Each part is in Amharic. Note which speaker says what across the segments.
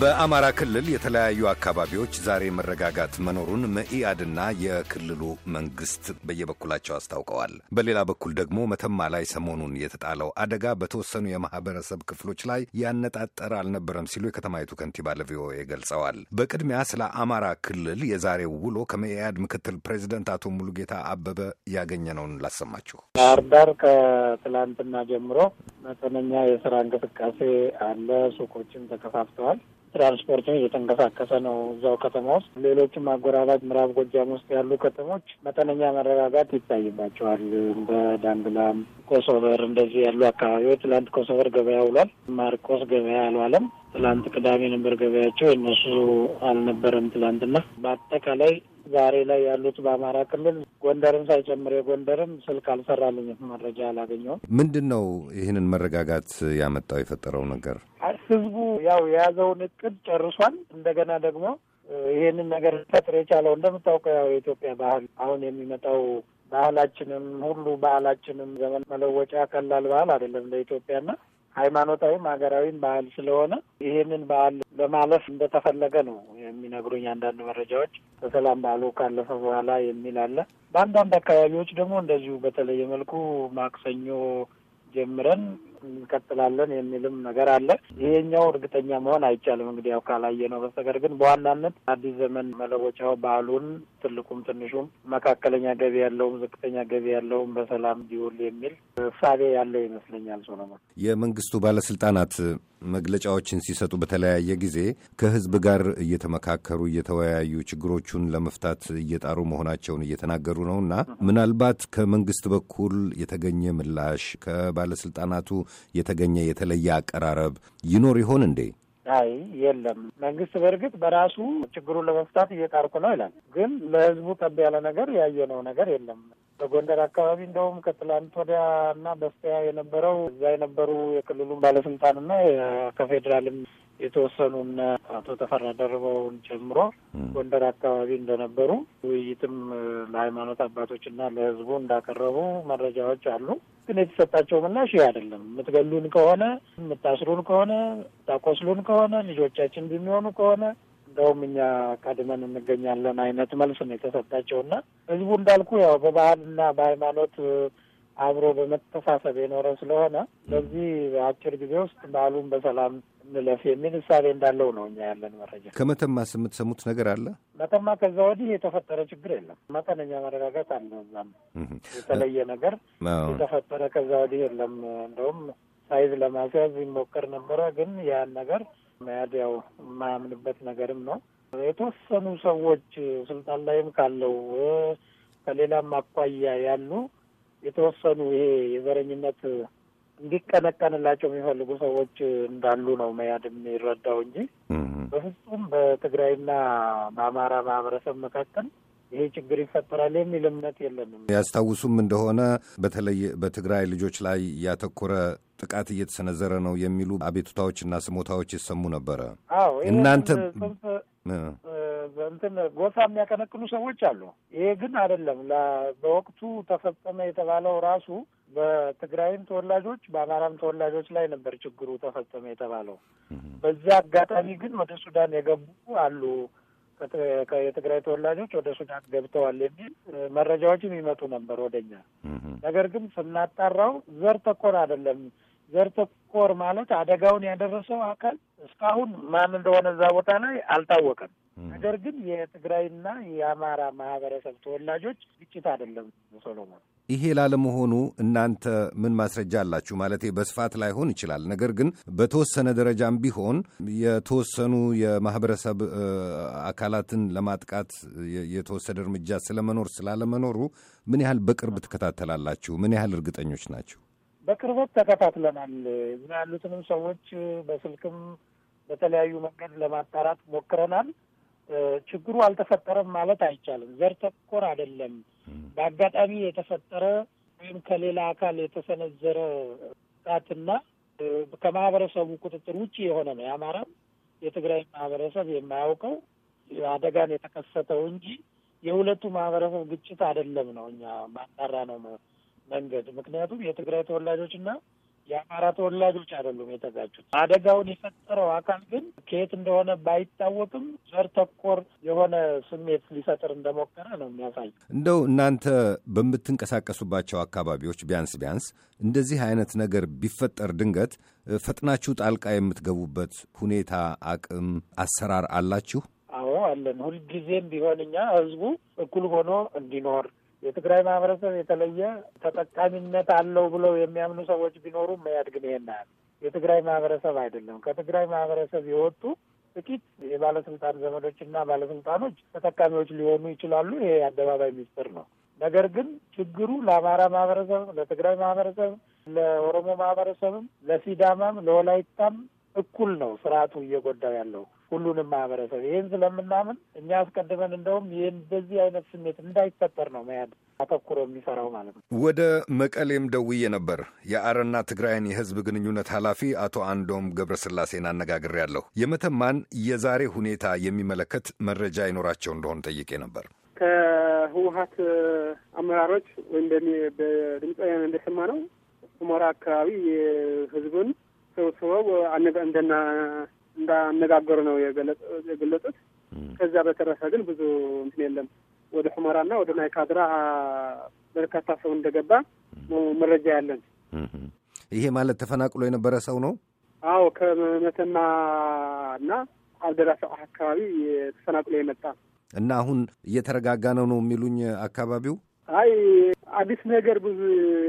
Speaker 1: በአማራ ክልል የተለያዩ አካባቢዎች ዛሬ መረጋጋት መኖሩን መኢአድና የክልሉ መንግስት በየበኩላቸው አስታውቀዋል። በሌላ በኩል ደግሞ መተማ ላይ ሰሞኑን የተጣለው አደጋ በተወሰኑ የማህበረሰብ ክፍሎች ላይ ያነጣጠረ አልነበረም ሲሉ የከተማይቱ ከንቲባ ለቪኦኤ ገልጸዋል። በቅድሚያ ስለ አማራ ክልል የዛሬው ውሎ ከመኢአድ ምክትል ፕሬዚደንት አቶ ሙሉጌታ አበበ ያገኘነውን ላሰማችሁ።
Speaker 2: ባህር ዳር ከትላንትና ጀምሮ መጠነኛ የስራ እንቅስቃሴ አለ። ሱቆችም ተከፋፍተዋል። ትራንስፖርትን እየተንቀሳቀሰ ነው እዛው ከተማ ውስጥ። ሌሎችም አጎራባች ምዕራብ ጎጃም ውስጥ ያሉ ከተሞች መጠነኛ መረጋጋት ይታይባቸዋል። እንደ ዳንግላም፣ ኮሶቨር እንደዚህ ያሉ አካባቢዎች ትላንት ኮሶቨር ገበያ ውሏል። ማርቆስ ገበያ አልዋለም። ትላንት ቅዳሜ ነበር ገበያቸው፣ የነሱ አልነበረም ትላንትና። በአጠቃላይ ዛሬ ላይ ያሉት በአማራ ክልል ጎንደርም ሳይጨምር የጎንደርም ስልክ አልሰራልኝም፣ መረጃ አላገኘውም።
Speaker 1: ምንድን ነው ይህንን መረጋጋት ያመጣው የፈጠረው ነገር?
Speaker 2: ህዝቡ ያው የያዘውን እቅድ ጨርሷል። እንደገና ደግሞ ይህንን ነገር ፈጥር የቻለው እንደምታውቀው ያው የኢትዮጵያ ባህል አሁን የሚመጣው ባህላችንም ሁሉ ባህላችንም ዘመን መለወጫ ቀላል ባህል አይደለም ለኢትዮጵያና ሃይማኖታዊም ሀገራዊም በዓል ስለሆነ ይህንን በዓል ለማለፍ እንደተፈለገ ነው የሚነግሩኝ አንዳንድ መረጃዎች። በሰላም በዓሉ ካለፈ በኋላ የሚል አለ። በአንዳንድ አካባቢዎች ደግሞ እንደዚሁ በተለየ መልኩ ማክሰኞ ጀምረን እንቀጥላለን የሚልም ነገር አለ። ይሄኛው እርግጠኛ መሆን አይቻልም እንግዲህ ያው ካላየ ነው በስተቀር ግን በዋናነት አዲስ ዘመን መለወጫው በዓሉን ትልቁም ትንሹም መካከለኛ ገቢ ያለውም ዝቅተኛ ገቢ ያለውም በሰላም እንዲውል የሚል እሳቤ ያለው ይመስለኛል። ሶሎሞን
Speaker 1: የመንግስቱ ባለስልጣናት መግለጫዎችን ሲሰጡ በተለያየ ጊዜ ከህዝብ ጋር እየተመካከሩ እየተወያዩ ችግሮቹን ለመፍታት እየጣሩ መሆናቸውን እየተናገሩ ነው እና ምናልባት ከመንግስት በኩል የተገኘ ምላሽ ከባለስልጣናቱ የተገኘ የተለየ አቀራረብ ይኖር ይሆን እንዴ?
Speaker 2: አይ የለም። መንግስት በእርግጥ በራሱ ችግሩን ለመፍታት እየጣርኩ ነው ይላል፣ ግን ለህዝቡ ጠብ ያለ ነገር ያየነው ነገር የለም። በጎንደር አካባቢ እንደውም ከትላንት ወዲያ እና በስቲያ የነበረው እዛ የነበሩ የክልሉን ባለስልጣን ባለስልጣንና ከፌዴራልም የተወሰኑን አቶ ተፈራ ደርበውን ጨምሮ ጎንደር አካባቢ እንደነበሩ ውይይትም ለሃይማኖት አባቶች አባቶችና ለህዝቡ እንዳቀረቡ መረጃዎች አሉ። ግን የተሰጣቸው ምላሽ ይህ አይደለም። የምትገሉን ከሆነ የምታስሩን ከሆነ የምታቆስሉን ከሆነ ልጆቻችን ቢሚሆኑ ከሆነ እንደውም እኛ ቀድመን እንገኛለን አይነት መልስ ነው የተሰጣቸው እና ህዝቡ እንዳልኩ ያው በባህልና በሃይማኖት አብሮ በመተሳሰብ የኖረ ስለሆነ በዚህ አጭር ጊዜ ውስጥ በዓሉን በሰላም እንለፍ የሚል እሳቤ እንዳለው ነው እኛ ያለን መረጃ።
Speaker 1: ከመተማስ የምትሰሙት ነገር አለ?
Speaker 2: መተማ ከዛ ወዲህ የተፈጠረ ችግር የለም። መጠነኛ መረጋጋት አለ። እዛም የተለየ ነገር የተፈጠረ ከዛ ወዲህ የለም። እንደውም ሳይዝ ለማስያዝ ይሞከር ነበረ፣ ግን ያን ነገር መያድ ያው የማያምንበት ነገርም ነው። የተወሰኑ ሰዎች ስልጣን ላይም ካለው ከሌላም አኳያ ያሉ የተወሰኑ ይሄ የዘረኝነት እንዲቀነቀንላቸው የሚፈልጉ ሰዎች እንዳሉ ነው መያድ የሚረዳው እንጂ በፍጹም በትግራይና በአማራ ማህበረሰብ መካከል ይሄ ችግር ይፈጠራል የሚል እምነት የለንም።
Speaker 1: ያስታውሱም እንደሆነ በተለይ በትግራይ ልጆች ላይ ያተኮረ ጥቃት እየተሰነዘረ ነው የሚሉ አቤቱታዎችና ስሞታዎች ይሰሙ ነበረ። አዎ እናንተ
Speaker 2: እንትን ጎሳ የሚያቀነቅኑ ሰዎች አሉ። ይሄ ግን አይደለም። በወቅቱ ተፈጸመ የተባለው ራሱ በትግራይም ተወላጆች በአማራም ተወላጆች ላይ ነበር ችግሩ ተፈጸመ የተባለው። በዛ አጋጣሚ ግን ወደ ሱዳን የገቡ አሉ የትግራይ ተወላጆች ወደ ሱዳን ገብተዋል የሚል መረጃዎችም ይመጡ ነበር ወደኛ። ነገር ግን ስናጣራው ዘር ተኮር አይደለም። ዘር ተኮር ማለት አደጋውን ያደረሰው አካል እስካሁን ማን እንደሆነ እዛ ቦታ ላይ አልታወቀም። ነገር ግን የትግራይና የአማራ ማህበረሰብ
Speaker 3: ተወላጆች ግጭት አይደለም ሶሎሞን።
Speaker 1: ይሄ ላለመሆኑ እናንተ ምን ማስረጃ አላችሁ? ማለት በስፋት ላይሆን ይችላል። ነገር ግን በተወሰነ ደረጃም ቢሆን የተወሰኑ የማህበረሰብ አካላትን ለማጥቃት የተወሰደ እርምጃ ስለመኖር ስላለመኖሩ ምን ያህል በቅርብ ትከታተላላችሁ? ምን ያህል እርግጠኞች ናችሁ?
Speaker 2: በቅርበት ተከታትለናል። እዛ ያሉትንም ሰዎች በስልክም በተለያዩ መንገድ ለማጣራት ሞክረናል። ችግሩ አልተፈጠረም ማለት አይቻልም። ዘር ተኮር አይደለም በአጋጣሚ የተፈጠረ ወይም ከሌላ አካል የተሰነዘረ ጥቃትና ከማህበረሰቡ ቁጥጥር ውጭ የሆነ ነው። የአማራም የትግራይ ማህበረሰብ የማያውቀው አደጋን የተከሰተው እንጂ የሁለቱ ማህበረሰብ ግጭት አይደለም ነው እኛ ማጣራ ነው መንገድ ምክንያቱም የትግራይ ተወላጆች ና። የአማራ ተወላጆች አይደሉም የተጋጩት። አደጋውን የፈጠረው አካል ግን ከየት እንደሆነ ባይታወቅም ዘር ተኮር የሆነ ስሜት ሊፈጥር እንደሞከረ ነው የሚያሳይ።
Speaker 1: እንደው እናንተ በምትንቀሳቀሱባቸው አካባቢዎች ቢያንስ ቢያንስ እንደዚህ አይነት ነገር ቢፈጠር ድንገት ፈጥናችሁ ጣልቃ የምትገቡበት ሁኔታ፣ አቅም፣ አሰራር አላችሁ?
Speaker 2: አዎ አለን። ሁልጊዜም ቢሆን እኛ ህዝቡ እኩል ሆኖ እንዲኖር የትግራይ ማህበረሰብ የተለየ ተጠቃሚነት አለው ብለው የሚያምኑ ሰዎች ቢኖሩም መያድ ግን የትግራይ ማህበረሰብ አይደለም። ከትግራይ ማህበረሰብ የወጡ ጥቂት የባለስልጣን ዘመዶችና ባለስልጣኖች ተጠቃሚዎች ሊሆኑ ይችላሉ። ይሄ አደባባይ ሚስጥር ነው። ነገር ግን ችግሩ ለአማራ ማህበረሰብ፣ ለትግራይ ማህበረሰብ፣ ለኦሮሞ ማህበረሰብም፣ ለሲዳማም፣ ለወላይታም እኩል ነው። ስርዓቱ እየጎዳው ያለው ሁሉንም ማህበረሰብ ይህን ስለምናምን እኛ አስቀድመን እንደውም ይህን በዚህ አይነት ስሜት እንዳይፈጠር ነው መያድ አተኩሮ የሚሰራው ማለት ነው።
Speaker 1: ወደ መቀሌም ደውዬ ነበር። የአረና ትግራይን የህዝብ ግንኙነት ኃላፊ አቶ አንዶም ገብረስላሴን አነጋግሬያለሁ። የመተማን የዛሬ ሁኔታ የሚመለከት መረጃ ይኖራቸው እንደሆን ጠይቄ ነበር።
Speaker 3: ከህወሀት
Speaker 2: አመራሮች ወይም በድምፃውያን እንደሰማ ነው ሁመራ አካባቢ ህዝቡን ሰብስበው እንደና እንዳነጋገሩ ነው የገለጹት። ከዚያ በተረፈ ግን ብዙ እንትን የለም። ወደ ሑመራና ወደ ማይካድራ በርካታ ሰው እንደገባ መረጃ ያለን።
Speaker 1: ይሄ ማለት ተፈናቅሎ የነበረ ሰው ነው።
Speaker 2: አዎ ከመተማና አብደራሰቅ አካባቢ ተፈናቅሎ የመጣ
Speaker 1: እና አሁን እየተረጋጋ ነው ነው የሚሉኝ አካባቢው
Speaker 2: አይ አዲስ ነገር ብዙ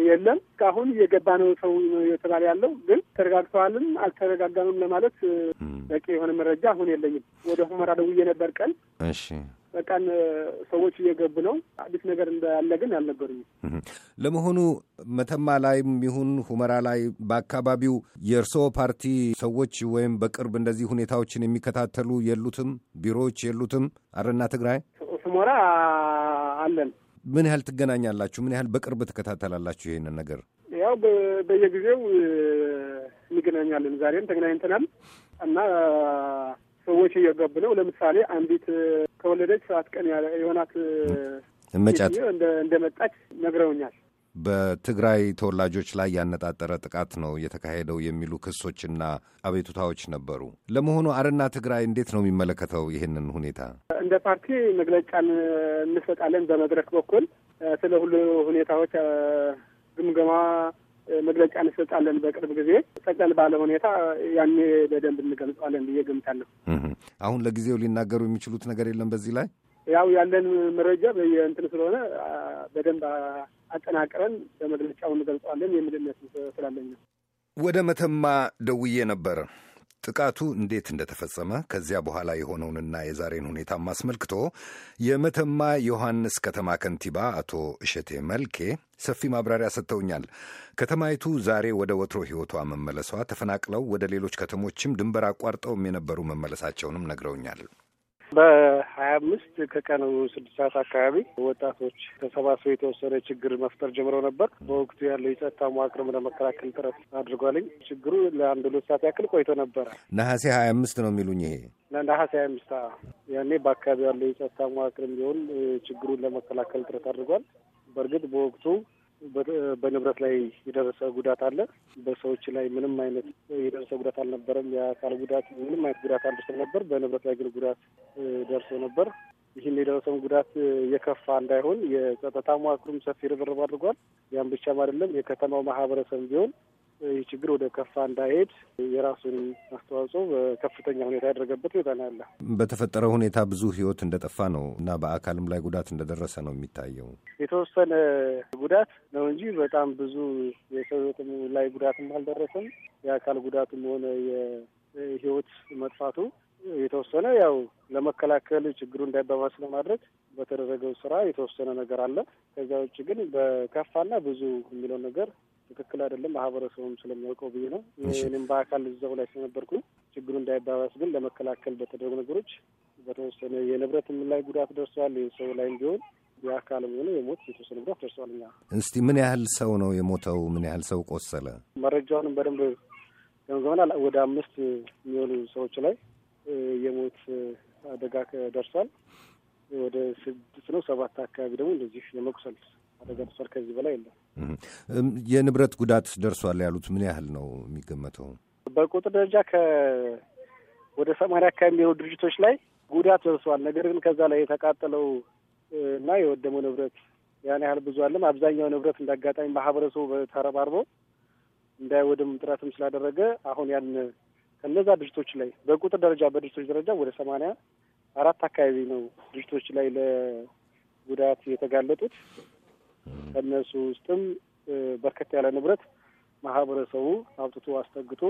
Speaker 2: የለም። እስካሁን እየገባ ነው ሰው የተባለ ያለው ግን ተረጋግተዋልም አልተረጋጋምም ለማለት በቂ የሆነ መረጃ አሁን የለኝም። ወደ ሁመራ ደውዬ ነበር ቀን እሺ በቀን ሰዎች እየገቡ ነው። አዲስ ነገር እንዳለ ግን አልነገሩኝም።
Speaker 1: ለመሆኑ መተማ ላይም ይሁን ሁመራ ላይ በአካባቢው የእርስዎ ፓርቲ ሰዎች ወይም በቅርብ እንደዚህ ሁኔታዎችን የሚከታተሉ የሉትም? ቢሮዎች የሉትም? አረና ትግራይ
Speaker 2: ሁመራ አለን
Speaker 1: ምን ያህል ትገናኛላችሁ? ምን ያህል በቅርብ ትከታተላላችሁ ይሄንን ነገር?
Speaker 2: ያው በየጊዜው እንገናኛለን። ዛሬም ተገናኝተናል እና ሰዎች እየገቡ ነው። ለምሳሌ አንዲት ከወለደች ሰዓት ቀን የሆናት እመጫት እንደመጣች ነግረውኛል።
Speaker 1: በትግራይ ተወላጆች ላይ ያነጣጠረ ጥቃት ነው የተካሄደው የሚሉ ክሶችና አቤቱታዎች ነበሩ። ለመሆኑ አረና ትግራይ እንዴት ነው የሚመለከተው ይህንን ሁኔታ?
Speaker 2: እንደ ፓርቲ መግለጫን እንሰጣለን። በመድረክ በኩል ስለ ሁሉ ሁኔታዎች ግምገማ መግለጫ እንሰጣለን። በቅርብ ጊዜ ጠቅለል ባለ ሁኔታ ያኔ በደንብ እንገልጸዋለን ብዬ ገምታለሁ።
Speaker 1: አሁን ለጊዜው ሊናገሩ የሚችሉት ነገር የለም በዚህ ላይ
Speaker 2: ያው ያለን መረጃ በየእንትን ስለሆነ በደንብ አጠናቅረን በመግለጫው እንገልጸዋለን የሚል እምነት ስላለኝ ነው።
Speaker 1: ወደ መተማ ደውዬ ነበር ጥቃቱ እንዴት እንደተፈጸመ ከዚያ በኋላ የሆነውንና የዛሬን ሁኔታም አስመልክቶ የመተማ ዮሐንስ ከተማ ከንቲባ አቶ እሸቴ መልኬ ሰፊ ማብራሪያ ሰጥተውኛል። ከተማይቱ ዛሬ ወደ ወትሮ ሕይወቷ መመለሷ፣ ተፈናቅለው ወደ ሌሎች ከተሞችም ድንበር አቋርጠውም የነበሩ መመለሳቸውንም ነግረውኛል።
Speaker 2: አምስት ከቀኑ ስድስት ሰዓት አካባቢ ወጣቶች ተሰባስበው የተወሰነ ችግር መፍጠር ጀምረው ነበር። በወቅቱ ያለው የጸጥታ መዋቅርም ለመከላከል ጥረት አድርጓልኝ። ችግሩ ለአንድ ሁለት ሰዓት ያክል ቆይቶ ነበረ።
Speaker 1: ነሐሴ ሀያ አምስት ነው የሚሉኝ ይሄ
Speaker 2: ነሐሴ ሀያ አምስት ያኔ በአካባቢ ያለው የጸጥታ መዋቅርም ቢሆን ችግሩን ለመከላከል ጥረት አድርጓል። በእርግጥ በወቅቱ በንብረት ላይ የደረሰ ጉዳት አለ። በሰዎች ላይ ምንም አይነት የደረሰ ጉዳት አልነበረም። የአካል ጉዳት ምንም አይነት ጉዳት አልደረሰም ነበር። በንብረት ላይ ግን ጉዳት ደርሶ ነበር። ይህን የደረሰውን ጉዳት የከፋ እንዳይሆን የጸጥታ መዋቅሩም ሰፊ ርብርብ አድርጓል። ያም ብቻም አይደለም የከተማው ማህበረሰብ ቢሆን ይህ ችግር ወደ ከፋ እንዳይሄድ የራሱን አስተዋጽኦ በከፍተኛ ሁኔታ ያደረገበት ሁኔታ ነው ያለ።
Speaker 1: በተፈጠረው ሁኔታ ብዙ ህይወት እንደጠፋ ነው እና በአካልም ላይ ጉዳት እንደደረሰ ነው የሚታየው።
Speaker 2: የተወሰነ ጉዳት ነው እንጂ በጣም ብዙ የሰው ላይ ጉዳትም አልደረሰም። የአካል ጉዳትም ሆነ የህይወት መጥፋቱ የተወሰነ ያው ለመከላከል ችግሩ እንዳይባባስ ለማድረግ በተደረገው ስራ የተወሰነ ነገር አለ። ከዚያ ውጭ ግን በከፋና ብዙ የሚለው ነገር ትክክል አይደለም። ማህበረሰቡም ስለሚያውቀው ብዬ ነው። እኔም በአካል እዛው ላይ ስለነበርኩ ችግሩ እንዳይባባስ ግን ለመከላከል በተደረጉ ነገሮች በተወሰነ የንብረትም ላይ ጉዳት ደርሰዋል። ሰው ላይ ቢሆን የአካልም ሆነ የሞት የተወሰነ ጉዳት ደርሰዋል። እኛ
Speaker 1: እስቲ ምን ያህል ሰው ነው የሞተው? ምን ያህል ሰው ቆሰለ?
Speaker 2: መረጃውንም በደንብ ገምገመናል። ወደ አምስት የሚሆኑ ሰዎች ላይ የሞት አደጋ ደርሷል። ወደ ስድስት ነው ሰባት አካባቢ ደግሞ እንደዚህ የመቁሰል አደጋ ደርሷል። ከዚህ በላይ
Speaker 1: የለም። የንብረት ጉዳት ደርሷል ያሉት ምን ያህል ነው የሚገመተው?
Speaker 2: በቁጥር ደረጃ ወደ ሰማንያ አካባቢ የሚሆኑ ድርጅቶች ላይ ጉዳት ደርሰዋል። ነገር ግን ከዛ ላይ የተቃጠለው እና የወደመው ንብረት ያን ያህል ብዙ አለም። አብዛኛው ንብረት እንዳጋጣሚ ማህበረሰቡ ተረባርበው እንዳይወድም ጥረትም ስላደረገ አሁን ያን ከነዛ ድርጅቶች ላይ በቁጥር ደረጃ በድርጅቶች ደረጃ ወደ ሰማንያ አራት አካባቢ ነው ድርጅቶች ላይ ለጉዳት የተጋለጡት። ከእነሱ ውስጥም በርከት ያለ ንብረት ማህበረሰቡ አውጥቶ አስጠግቶ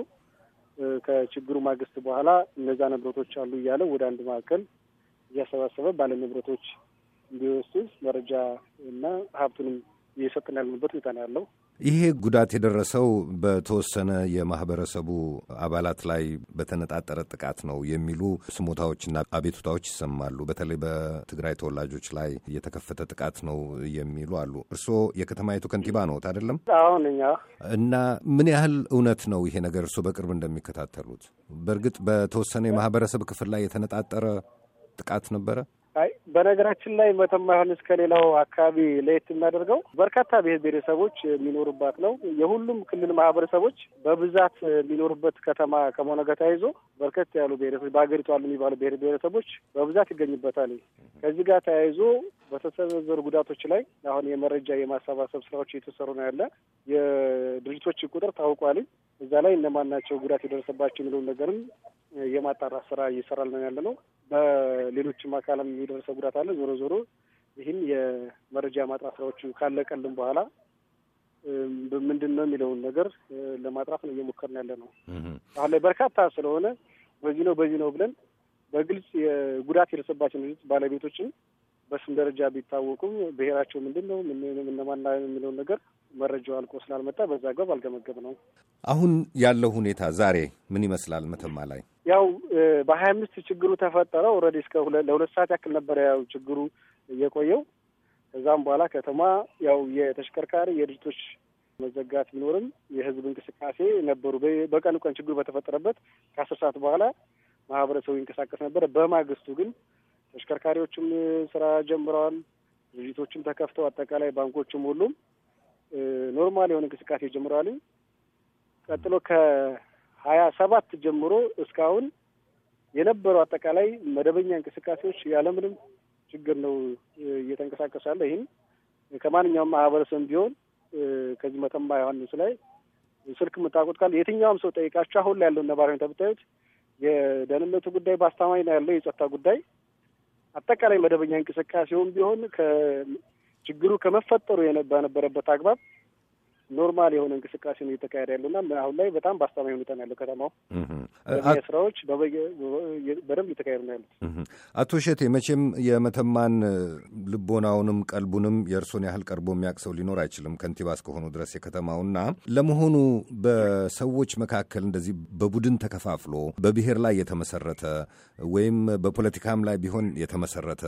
Speaker 2: ከችግሩ ማግስት በኋላ እነዛ ንብረቶች አሉ እያለ ወደ አንድ ማዕከል እያሰባሰበ ባለ ንብረቶች እንዲወስዱ መረጃ እና ሀብቱንም እየሰጥን ያለንበት ሁኔታ ነው ያለው።
Speaker 1: ይሄ ጉዳት የደረሰው በተወሰነ የማህበረሰቡ አባላት ላይ በተነጣጠረ ጥቃት ነው የሚሉ ስሞታዎችና አቤቱታዎች ይሰማሉ። በተለይ በትግራይ ተወላጆች ላይ የተከፈተ ጥቃት ነው የሚሉ አሉ። እርስዎ የከተማይቱ ከንቲባ ነዎት አይደለም? አሁን እና ምን ያህል እውነት ነው ይሄ ነገር እርስዎ በቅርብ እንደሚከታተሉት? በእርግጥ በተወሰነ የማህበረሰብ ክፍል ላይ የተነጣጠረ ጥቃት ነበረ?
Speaker 2: በነገራችን ላይ መተማ ዮሐንስ ከሌላው አካባቢ ለየት የሚያደርገው በርካታ ብሔር ብሔረሰቦች የሚኖሩባት ነው። የሁሉም ክልል ማህበረሰቦች በብዛት የሚኖሩበት ከተማ ከመሆነ ጋር ተያይዞ በርከት ያሉ ብሔረሰቦች በሀገሪቷ አሉ የሚባሉ ብሔር ብሔረሰቦች በብዛት ይገኙበታል። ከዚህ ጋር ተያይዞ በተሰነዘሩ ጉዳቶች ላይ አሁን የመረጃ የማሰባሰብ ስራዎች እየተሰሩ ነው ያለ የድርጅቶች ቁጥር ታውቋልኝ እዛ ላይ እነማን ናቸው ጉዳት የደረሰባቸው የሚለውን ነገርም የማጣራት ስራ እየሰራል ነው ያለ ነው። በሌሎችም አካልም የደረሰ ጉዳት አለ። ዞሮ ዞሮ ይህን የመረጃ ማጥራት ስራዎቹ ካለቀልን በኋላ ምንድን ነው የሚለውን ነገር ለማጥራት ነው እየሞከርን ያለ ነው። አሁን ላይ በርካታ ስለሆነ በዚህ ነው በዚህ ነው ብለን በግልጽ የጉዳት የደረሰባቸው ልጅ ባለቤቶችን በስም ደረጃ ቢታወቁም ብሔራቸው ምንድን ነው እነማን የሚለውን ነገር መረጃው አልቆ ስላልመጣ በዛ አግባብ አልገመገብ ነው።
Speaker 1: አሁን ያለው ሁኔታ ዛሬ ምን ይመስላል? መተማ ላይ
Speaker 2: ያው በሀያ አምስት ችግሩ ተፈጠረ። ኦልሬዲ እስከ ለሁለት ሰዓት ያክል ነበረ ያው ችግሩ እየቆየው ከዛም በኋላ ከተማ ያው የተሽከርካሪ የድርጅቶች መዘጋት ቢኖርም የህዝብ እንቅስቃሴ ነበሩ። በቀን ቀን ችግሩ በተፈጠረበት ከአስር ሰዓት በኋላ ማህበረሰቡ ይንቀሳቀስ ነበረ። በማግስቱ ግን ተሽከርካሪዎችም ስራ ጀምረዋል። ድርጅቶችም ተከፍተው አጠቃላይ ባንኮችም ሁሉም ኖርማል የሆነ እንቅስቃሴ ጀምረዋል። ቀጥሎ ከሀያ ሰባት ጀምሮ እስካሁን የነበሩ አጠቃላይ መደበኛ እንቅስቃሴዎች ያለምንም ችግር ነው እየተንቀሳቀሳለ። ይህም ከማንኛውም ማህበረሰብ ቢሆን ከዚህ መተማ ዮሐንስ ላይ ስልክ የምታቆጥ ካለ የትኛውም ሰው ጠይቃቸው አሁን ላይ ያለው ነባራዊ ተብታዮች የደህንነቱ ጉዳይ በአስተማማኝ ነው ያለው። የጸጥታ ጉዳይ አጠቃላይ መደበኛ እንቅስቃሴውም ቢሆን ችግሩ ከመፈጠሩ በነበረበት አግባብ ኖርማል የሆነ እንቅስቃሴ ነው እየተካሄደ ያለውና አሁን ላይ በጣም በአስተማማኝ ሁኔታ ነው ያለው ከተማው። ስራዎች በደንብ
Speaker 3: እየተካሄዱ ነው
Speaker 1: ያሉት። አቶ እሸቴ መቼም የመተማን ልቦናውንም ቀልቡንም የእርሶን ያህል ቀርቦ የሚያውቅ ሰው ሊኖር አይችልም ከንቲባ እስከሆኑ ድረስ የከተማውና። ለመሆኑ በሰዎች መካከል እንደዚህ በቡድን ተከፋፍሎ በብሔር ላይ የተመሰረተ ወይም በፖለቲካም ላይ ቢሆን የተመሰረተ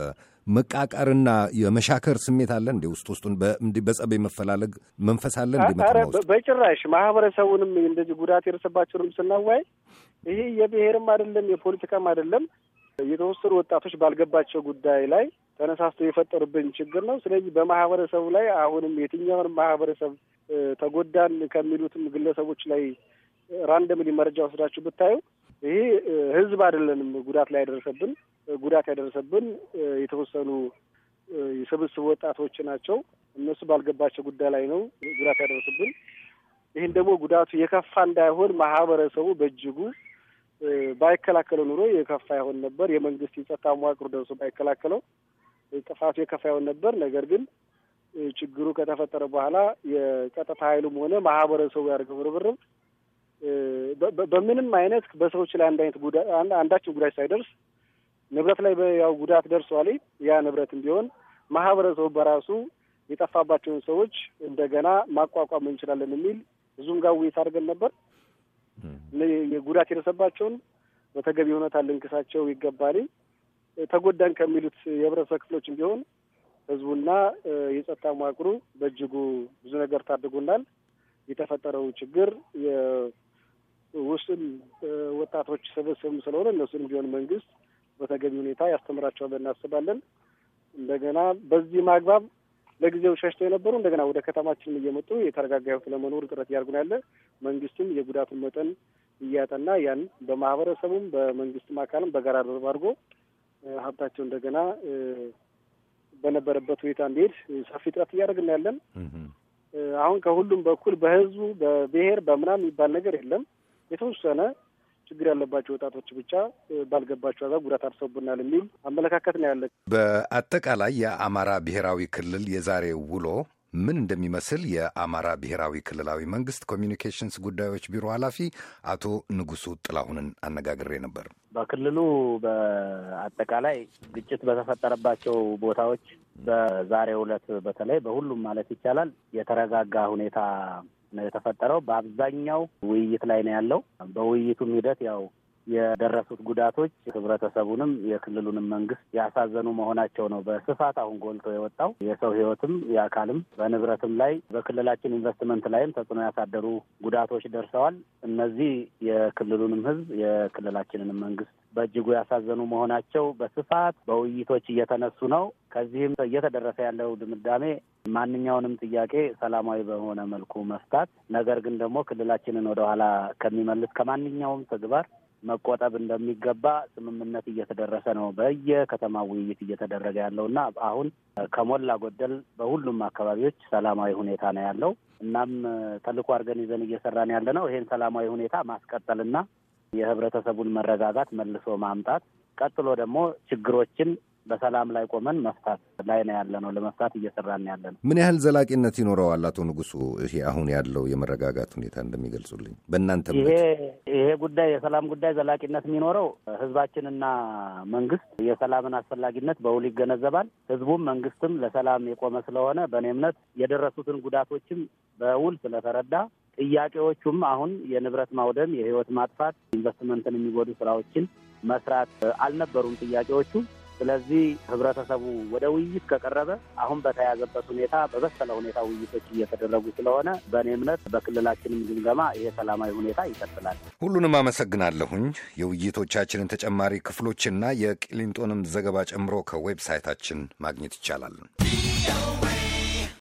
Speaker 1: መቃቃርና የመሻከር ስሜት አለ እንዴ? ውስጥ ውስጡን በጸብ መፈላለግ መንፈስ አለ እንዴ?
Speaker 2: በጭራሽ ማህበረሰቡንም እንደዚህ ጉዳት የደረሰባቸውንም ስናዋይ ይሄ የብሔርም አይደለም የፖለቲካም አይደለም የተወሰኑ ወጣቶች ባልገባቸው ጉዳይ ላይ ተነሳስተው የፈጠሩብን ችግር ነው። ስለዚህ በማህበረሰቡ ላይ አሁንም የትኛውን ማህበረሰብ ተጎዳን ከሚሉትም ግለሰቦች ላይ ራንደምሊ መረጃ ወስዳችሁ ብታዩ ይሄ ህዝብ አይደለንም ጉዳት ላይ ያደረሰብን። ጉዳት ያደረሰብን የተወሰኑ የስብስብ ወጣቶች ናቸው። እነሱ ባልገባቸው ጉዳይ ላይ ነው ጉዳት ያደረሱብን። ይህን ደግሞ ጉዳቱ የከፋ እንዳይሆን ማህበረሰቡ በእጅጉ ባይከላከለው ኑሮ የከፋ ይሆን ነበር። የመንግስት የጸጥታ መዋቅሩ ደርሶ ባይከላከለው ጥፋቱ የከፋ ይሆን ነበር። ነገር ግን ችግሩ ከተፈጠረ በኋላ የጸጥታ ኃይሉም ሆነ ማህበረሰቡ ያደርገው ርብርብ በምንም አይነት በሰዎች ላይ አንድ አይነት ጉዳት አንዳችን ጉዳት ሳይደርስ ንብረት ላይ ያው ጉዳት ደርሷል። ያ ንብረትም ቢሆን ማህበረሰቡ በራሱ የጠፋባቸውን ሰዎች እንደገና ማቋቋም እንችላለን የሚል ብዙም ጋር ውይይት አድርገን ነበር። ጉዳት የደረሰባቸውን በተገቢ ሁኔታ ልንክሳቸው ይገባል። ተጎዳን ከሚሉት የህብረተሰብ ክፍሎችም ቢሆን ህዝቡና የጸጥታ መዋቅሩ በእጅጉ ብዙ ነገር ታድጎናል። የተፈጠረው ችግር ውስን ወጣቶች ስብስብ ስለሆነ እነሱን ቢሆን መንግስት በተገቢ ሁኔታ ያስተምራቸዋል እናስባለን። እንደገና በዚህ ማግባብ ለጊዜው ሸሽተው የነበሩ እንደገና ወደ ከተማችን እየመጡ የተረጋጋ ህይወት ለመኖር ጥረት እያደረጉ ያለ መንግስትም የጉዳቱን መጠን እያጠና ያን በማህበረሰቡም በመንግስትም አካልም በጋራ ደርብ አድርጎ ሀብታቸው እንደገና በነበረበት ሁኔታ እንዲሄድ ሰፊ ጥረት እያደረግን ያለን። አሁን ከሁሉም በኩል በህዝቡ በብሔር በምናም የሚባል ነገር የለም። የተወሰነ ችግር ያለባቸው ወጣቶች ብቻ ባልገባቸው ዋጋ ጉዳት አድርሰውብናል የሚል አመለካከት ነው ያለ።
Speaker 1: በአጠቃላይ የአማራ ብሔራዊ ክልል የዛሬ ውሎ ምን እንደሚመስል የአማራ ብሔራዊ ክልላዊ መንግስት ኮሚኒኬሽንስ ጉዳዮች ቢሮ ኃላፊ አቶ ንጉሱ ጥላሁንን አነጋግሬ ነበር።
Speaker 3: በክልሉ በአጠቃላይ ግጭት በተፈጠረባቸው ቦታዎች በዛሬው ዕለት በተለይ በሁሉም ማለት ይቻላል የተረጋጋ ሁኔታ ነው የተፈጠረው። በአብዛኛው ውይይት ላይ ነው ያለው። በውይይቱም ሂደት ያው የደረሱት ጉዳቶች ህብረተሰቡንም የክልሉንም መንግስት ያሳዘኑ መሆናቸው ነው በስፋት አሁን ጎልቶ የወጣው። የሰው ህይወትም የአካልም በንብረትም ላይ በክልላችን ኢንቨስትመንት ላይም ተጽዕኖ ያሳደሩ ጉዳቶች ደርሰዋል። እነዚህ የክልሉንም ህዝብ የክልላችንንም መንግስት በእጅጉ ያሳዘኑ መሆናቸው በስፋት በውይይቶች እየተነሱ ነው። ከዚህም እየተደረሰ ያለው ድምዳሜ ማንኛውንም ጥያቄ ሰላማዊ በሆነ መልኩ መፍታት፣ ነገር ግን ደግሞ ክልላችንን ወደኋላ ከሚመልስ ከማንኛውም ተግባር መቆጠብ እንደሚገባ ስምምነት እየተደረሰ ነው። በየከተማ ውይይት እየተደረገ ያለው እና አሁን ከሞላ ጎደል በሁሉም አካባቢዎች ሰላማዊ ሁኔታ ነው ያለው። እናም ተልዕኮ አድርገን ይዘን እየሰራን ያለ ነው። ይሄን ሰላማዊ ሁኔታ ማስቀጠልና የህብረተሰቡን መረጋጋት መልሶ ማምጣት፣ ቀጥሎ ደግሞ ችግሮችን በሰላም ላይ ቆመን መፍታት ላይ ነው ያለ ነው። ለመፍታት እየሰራን ያለ ነው።
Speaker 1: ምን ያህል ዘላቂነት ይኖረዋል? አቶ ንጉሱ፣ ይሄ አሁን ያለው የመረጋጋት ሁኔታ እንደሚገልጹልኝ በእናንተ ይሄ
Speaker 3: ይሄ ጉዳይ የሰላም ጉዳይ ዘላቂነት የሚኖረው ህዝባችንና መንግስት የሰላምን አስፈላጊነት በውል ይገነዘባል። ህዝቡም መንግስትም ለሰላም የቆመ ስለሆነ በእኔ እምነት የደረሱትን ጉዳቶችም በውል ስለተረዳ ጥያቄዎቹም አሁን የንብረት ማውደም፣ የህይወት ማጥፋት፣ ኢንቨስትመንትን የሚጎዱ ስራዎችን መስራት አልነበሩም ጥያቄዎቹ ስለዚህ ህብረተሰቡ ወደ ውይይት ከቀረበ አሁን በተያዘበት ሁኔታ በበሰለ ሁኔታ ውይይቶች እየተደረጉ ስለሆነ በእኔ እምነት በክልላችንም ግምገማ ይሄ ሰላማዊ ሁኔታ ይቀጥላል።
Speaker 1: ሁሉንም አመሰግናለሁኝ። የውይይቶቻችንን ተጨማሪ ክፍሎችና የቅሊንጦንም ዘገባ ጨምሮ ከዌብሳይታችን ማግኘት ይቻላል።